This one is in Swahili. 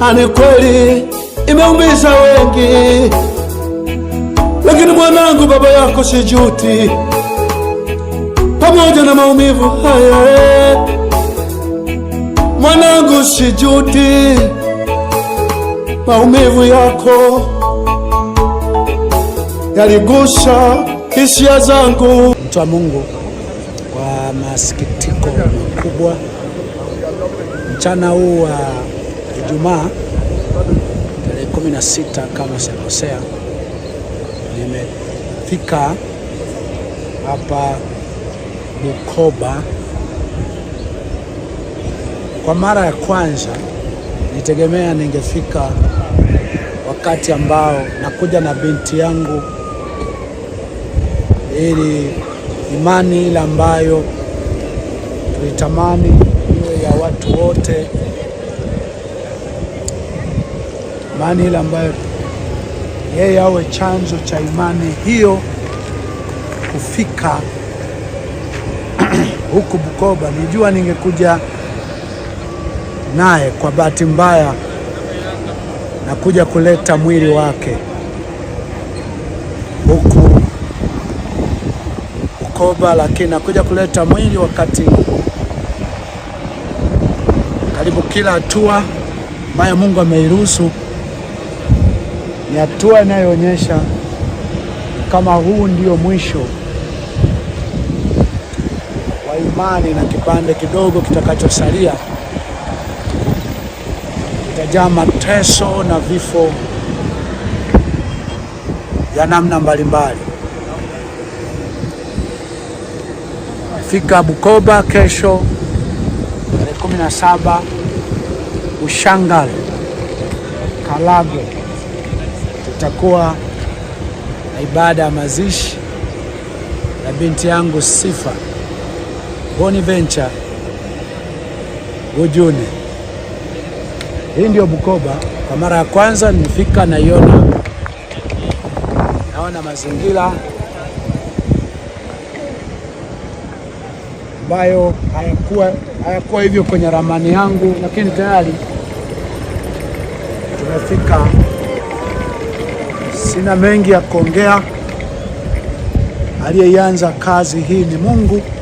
Ani kweli imeumiza wengi, lakini mwanangu, baba yako sijuti. Pamoja na maumivu haya, mwanangu, sijuti maumivu yako yaligusa hisia zangu. Mtu wa Mungu, kwa masikitiko makubwa, mchana huu wa Ijumaa tarehe 16 kama sikosea, nimefika hapa Bukoba kwa mara ya kwanza. Nitegemea ningefika wakati ambao nakuja na binti yangu, ili imani ile ambayo tulitamani iwe ya watu wote mani ile ambayo yeye awe chanzo cha imani hiyo kufika huku Bukoba. Nijua ningekuja naye, kwa bahati mbaya na kuja kuleta mwili wake huku Bukoba, lakini nakuja kuleta mwili wakati karibu kila hatua ambayo Mungu ameiruhusu ni hatua inayoonyesha kama huu ndio mwisho wa imani na kipande kidogo kitakachosalia kitajaa mateso na vifo ya namna mbalimbali. Fika Bukoba kesho tarehe 17 Ushangale kalago kutakuwa na ibada ya mazishi ya binti yangu Sifa Bonaventure gujuni Hii ndio Bukoba. Kwa mara ya kwanza nimefika, naiona, naona mazingira ambayo hayakuwa hayakuwa hivyo kwenye ramani yangu, lakini tayari tumefika. Sina mengi ya kuongea. Aliyeanza kazi hii ni Mungu.